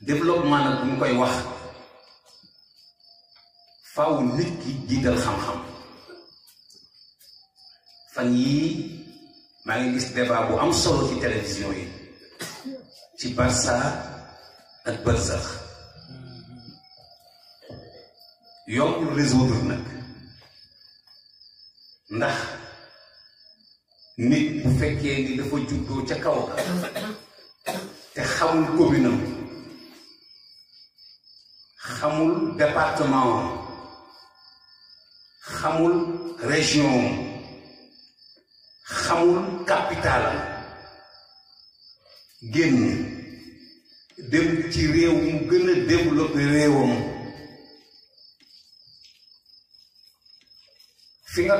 développement nag bu koy wax faaw nit ki jiital xam-xam fan yii maa ngi gis débat bu am solo ci télévision yi ci Barça ak Barsax yombul résoudre nag ndax nit bu fekkee ni dafa juddoo ca kaw te xamul commune département Khamoul région Khamoul capitale guin dem ci réew mu gën développer développé réewam fi nga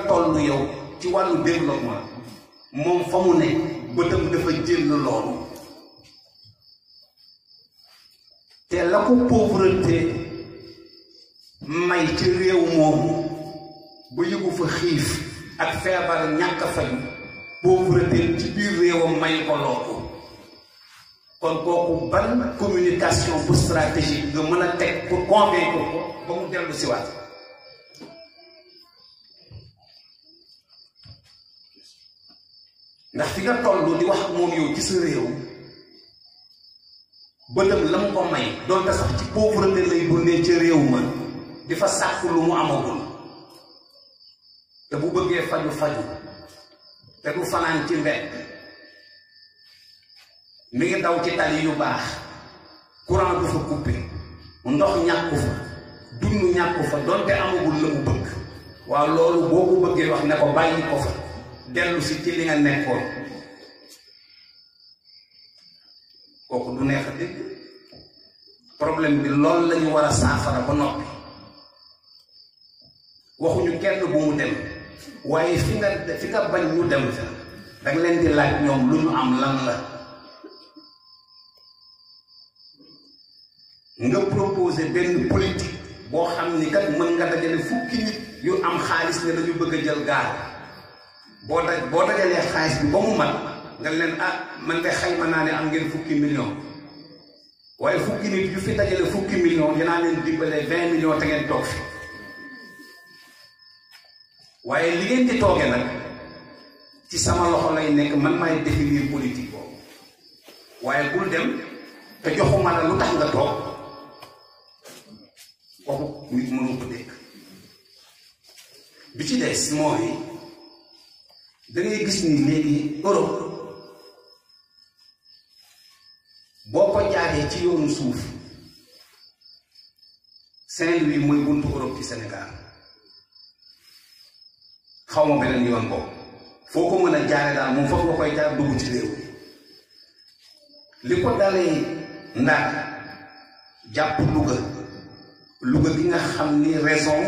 yow ci développement mon fa mu ne bëtam dafa jël loolu la pauvreté may ci réew moomu ba yëgu fa xiif ak feebar ñàkk fayu pauvreté ci biir réewam may ko loolu kon kooku ban communication bu stratégique nga mën a teg pour convaincre ko ba mu dellu si waat ndax fi nga toll di wax moom yow ci sa réew bëtëm la ko may doonte sax ci pauvreté lay ma di sax lu mu amagul te bu bëggee faju faju te du fanan ci mbé mi ngi daw ci tali yu bax courant du fa coupé ndox ñakku fa dund ñakku fa donte amagul lu mu bëgg wa lolu boku ko wax ne ko bayyi ko fa delu ci ci li nga nekkoon kooku du neex a problème bi loolu lañu wara safara ba nopi waxuñu kenn bu mu dem waaye fi nga fi nga bañ mu dem fa da leen di laaj ñoom lu ñu am lan la nga proposé benn politique boo xam ni kat mën nga dajale fukki nit yu am xaalis ne dañu bëgg a jël gaal boo daj boo dajalee xaalis bi ba mu mat nga leen ah man de xayma naa ne am ngeen fukki million waaye fukki nit yu fi dajale fukki million dinaa leen dimbalee vingt million te ngeen toog fi waaye li ngeen nag ci sama loxo lay nekk man maay définir politique waaye bul dem te joxuma la lu tax nga toog kooku nit mënu ko dégg bi ci des mooy da ngay gis ni léegi Europe boo ko jaaree ci yoonu suuf Saint-Louis mooy buntu Europe ci Sénégal xaw ma beneen yoon boobu foo ko mën a jaare daal moom foog nga koy jaar dugg ci réew li ko dalee Ndar jàpp Louga Louga bi nga xam ni raison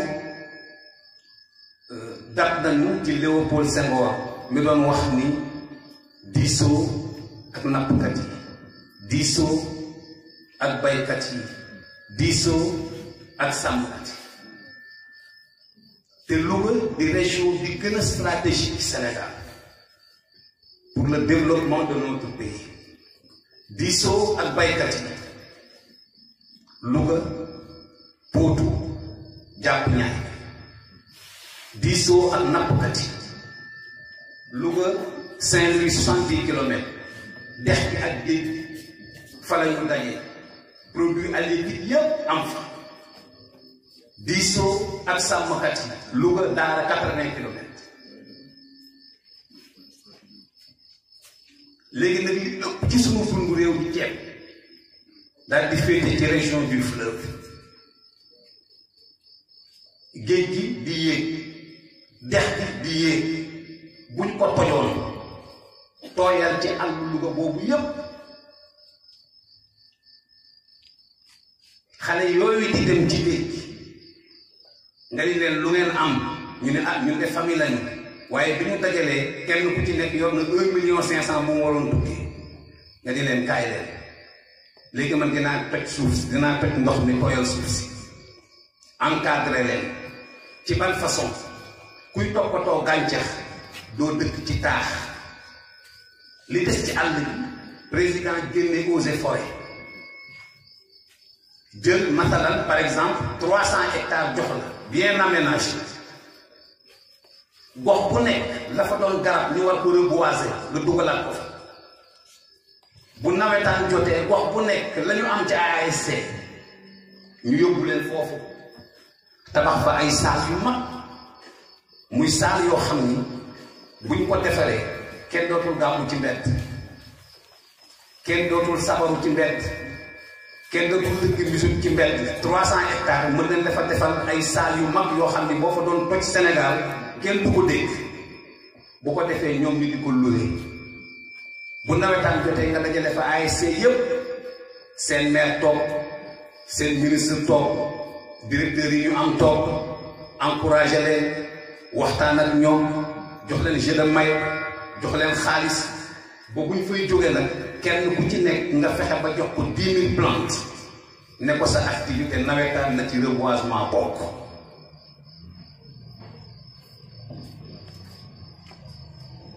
euh, dat nañu ci Léopold Senghor mi doon wax ni diisoo ak nappkat yi diisoo ak baykat yi diisoo ak sàmmkat yi Et l'ouest, des régions du plus stratégie Sénégal pour le développement de notre pays Disso ak baykat l'ouest Louga Kati, Disso à napokati ak saint produit à am diisoo ak sàmmkat yi Louga daara quatre-vingts kilomètres léegi nag li ëpp ci sunu fungu réew di ceeb daal di féete ci région du fleuve géej gi di yéeg dex gi di yéeg buñ ko tojoon tooyal ci àll Louga boobu yépp xale yooyu di dem ci géej nga ni leen lu ngeen am ñu ne ah ñu ne famille lañu waaye bi ñu dajalee kenn ku ci nekk yor na un million cinq cent bu mu waroon tukki nga di leen kaay leen léegi man dinaa pej suuf si dinaa pej ndox mi koyal suuf si encadré leen ci ban façon kuy toppatoo gàncax doo dëkk ci taax li des ci àll bi président génne eaux et jël masalan par exemple trois cent hectares jox la bien aménagé gox bu nekk la fa doon garab ñu war ko reboiser lu dugalaat ko bu nawetaan jotee gox bu nekk la ñu am ci ASC ñu yóbbu leen foofu tabax fa ay saal yu mag muy saal yoo xam ni buñ ko defaree kenn dootul gàmmu ci mbedd kenn dootul sabaru ci mbedd kenn ku liggéey bisum ci mbel bi 300 hectares mën nañ dafa defal ay saal yu mag yoo xam ni boo fa doon toj Sénégal kenn du ko dégg bu ko defee ñoom ñu di ko loué bu nawetaan jotee nga dajale fa ASC yëpp seen maire toog seen ministre toog directeur yi am toog encouragé leen waxtaan ak ñoom jox leen jeu de xaalis. bu buñ fay jógee nag kenn ku ci nekk nga fexe ba jox ko dix mille plantes ne ko sa activité nawetaan na ci reboisement bokk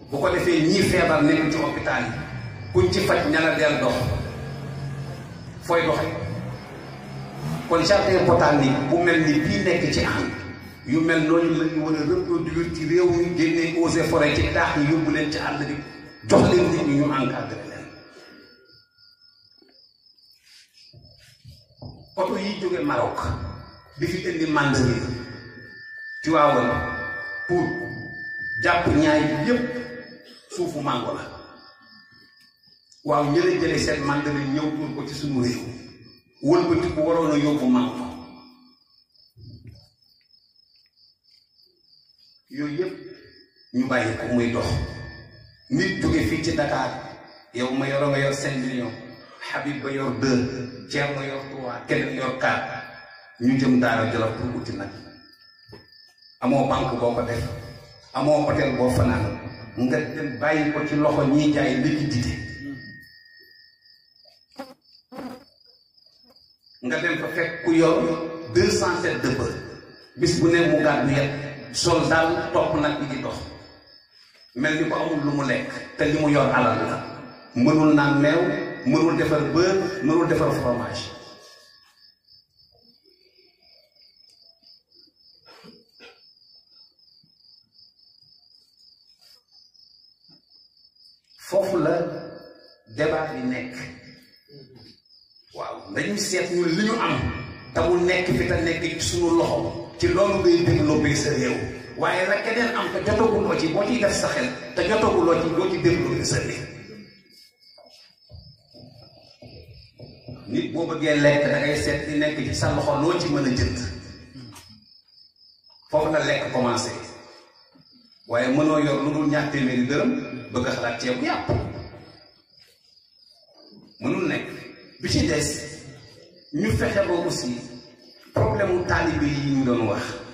bu ko defee ñii feebar nekk ci hôpital yi kuñ ci faj ña la del dox fooy doxe kon jardin botanique bu mel ni bii nekk ci ànd yu mel noonu la ñu war a reproduire ci réew mi génnee eaux et forêt ci taax yi yóbbu leen ci àll bi jox leen nit ñi ñu encadré leen oto yi jóge Maroc di fi indi mandarine Tiwaawan pour jàpp ñaay bi yépp suufu la waaw ñële jële seen mandarine ñëw tuur ko ci suñu réew wëlbati ko waroon a yóbbu mango yooyu ñu bàyyi ko muy dox nit jóge fii ci Dakar yow ma yoro nga yor cinq millions Habib ba yor deux Thierno nga yor trois keneen yor quatre ñu jëm Daara Jolof pour uti nag amoo banque boo ko def amoo hôtel boo fanaan nga dem bàyyi ko ci loxo ñiy jaay liquidité nga dem fa fekk ku yor deux cent sept bis bu ne mu gàddu yet sol daal topp nag bi di dox mel ni ko amul lu mu lekk te li mu yor alal la mënul naan meew mënul defar beurre mënul defar fromage foofu la débat bi nekk waaw dañuy seet ñun li ñu am te mu nekk fi te nekk suñu loxo ci loolu ngay développé sa réew waaye la keneen am te jotaguloo ci boo ciy def sa xel te jotaguloo ci doo ci déglu nga sëlli nit boo bëggee lekk da seet li nekk ci sa loxo loo ci mën a jënd foofu la lekk commencé waaye mënoo yor lu dul ñaar téeméeri dërëm bëgg a xalaat ceeb yàpp mënul nekk bi ci des ñu fexe ba aussi problème mu yi ñu doon wax.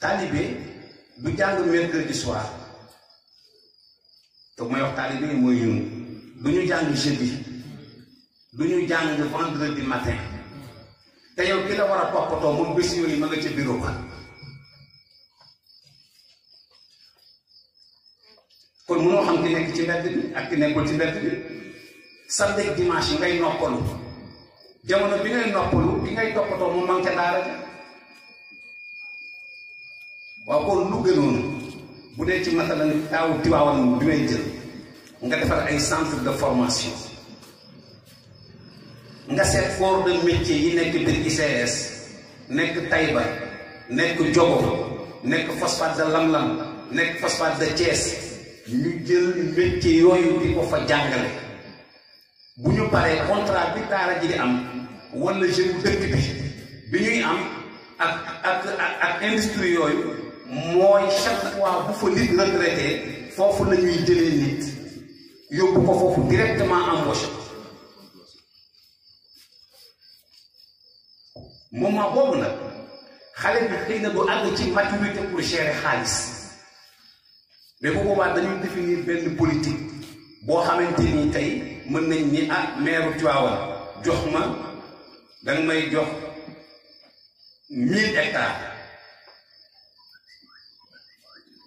taalibe du jàng mercredi soir te mooy wax taalibe mooy ñun du ñu jàng jeudi du ñu jàng vendredi matin te yow ki la war a toppatoo moom bés yooyu ma nga ca bureau kon mënoo xam ki nekk ci mbedd bi ak ki nekkul ci mbedd bi samedi ak dimanche yi ngay noppalu jamono bi ngay noppalu ki ngay toppatoo moom ma nga ca waaw kon lu gënoon bu dee ci masalan taw tiwaawan bi may jël nga defar ay centre de formation nga seet corps de métier yi nek bir ICS nek tayba nek jogo nek phosphate de Lamlam nek phosphate de Thiès ñu jël métier yoyu di ko fa jangal bu ñu paré contrat bi daara ji di am wala jëm dëkk bi bi ñuy am ak ak ak industrie yoyu mooy chaque fois bu fa nit foofu la ñuy jëlee nit yóbbu ko foofu directement embauché moment boobu nag xale bi xëy na du àgg ci maturité pour gérer xaalis mais bu boobaa dañuy définir benn politique boo xamante ni tey mën nañ ni ah meeru Tivaouane jox ma danga jox mille hectares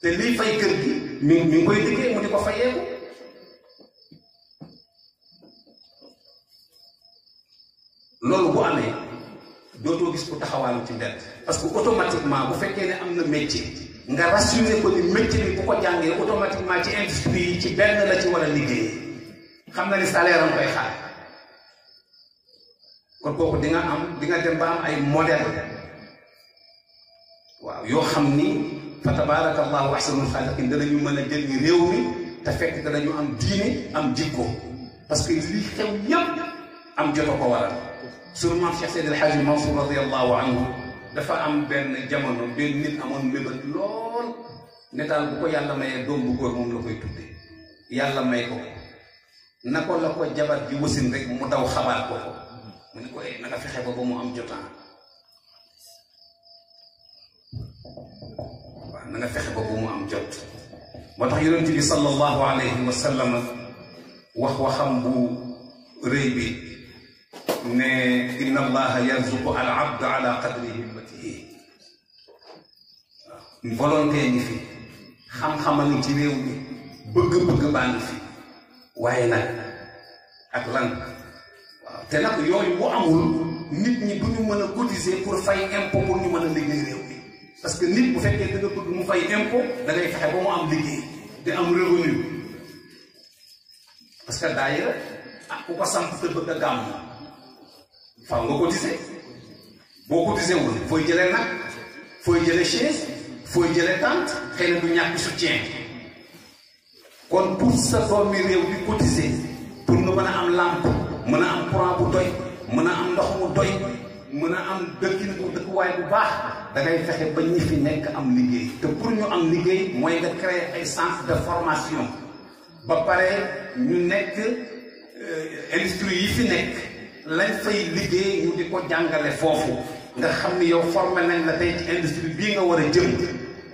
te liy fay kër gi mi mi koy liggéey mu di ko fayeeku loolu bu amee dootoo gis ku taxawaalu ci mbedd parce que automatiquement bu fekkee ne am na métier nga rassuré ko ni métier bi ko jàngee automatiquement ci industrie yi ci benn la ci war a xam na ni salaire am koy xaar kon kooku di am di dem ba am ay modèle waaw yoo xam ni fa tabaarakallaahu ahsanul xaaliqiin danañu mën a jël réew mi te fekk danañu am diine am jikko parce que li xew yëpp am jot a ko waral sunu maam Cheikh Seydil Hadji Mansour radiyallaahu anhu dafa am benn jamono benn amoon mébét ne daal bu ko yàlla mayee doom bu góor moom la koy tuddee yàlla may ko na ko la ko jabar ji wasin rek mu daw xabaar ko ko mu ne ko eh, na nga fexe ba ba mu am jotaan dana fexe ba bu mu am jot moo tax yonent bi sallallahu alayhi wa sallam wax waxam bu rëy bi ne inna allaha yarzuqu al abd ala qadri himmatihi waaw volonté ni fi xam-xama ni ci réew mi bëgg-bëgg baa ngi fi waaye nag ak lan waaw te nag yooyu bu amul nit ñi du ñu mën a cotiser pour fay impôt pour ñu mën que nit bu fekkee da nga bëgg mu fay impôt da ngay fexe ba mu am liggéey te am revenu parce que daayira ah ku ko samp te bëgg a nga cotiser boo cotisé foo fooy jëlee nag fooy jëlee chaise fooy jëlee tente xëy na du ñàkk soutien kon pour sa doomi réew di cotiser pour nga mën a am lampe mën a am courant bu doy mën a am ndox mu doy mën a am dëkkin bu dëkkuwaay bu baax da ngay fexe ba ñi fi nekk am liggéey te pour ñu am liggéey mooy nga créer ay centre de formation ba pare ñu nekk euh, industrie yi fi nekk lañ fay liggéey ñu di ko jàngale foofu nga xam ni yow formé nañ la tey industrie bii nga war a jëm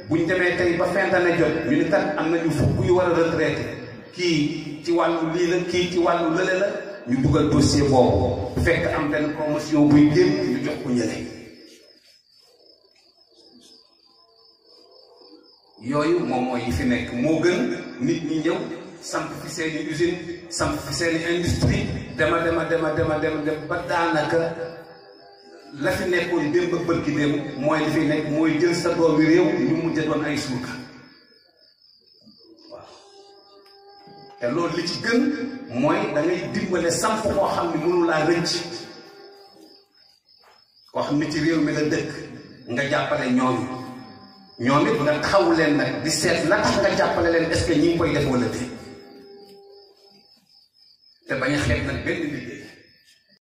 buñ demee tey ba fin d'année jot ñu ni kat am nañu fukk yu war a retraité kii ci wàllu lii la kii ci wàllu lële la ñu dugal dossier boobu fekk am benn promotion buy génn ñu jox ko ñële yooyu moom mooy yi fi nekk moo gën nit ñi ñëw samp fi seeni usine samp fi seeni industrie dema dema dema dema dema dem ba daanaka la fi nekkoon démb ak bërki démb mooy li fi nekk mooy jël sa doomi réew ñu mujj doon ay surga waaw te loolu li ci gën mooy da ngay dimbale samp koo xam ne mënu laa rëcc koo xam ne ci réew mi la dëkk nga jàppale ñooñu ñoom it nga taxawu leen nag di seet la tax nga jàppale leen est-ce que ñi ngi koy def wala te bañ a xeeb nag benn liggéey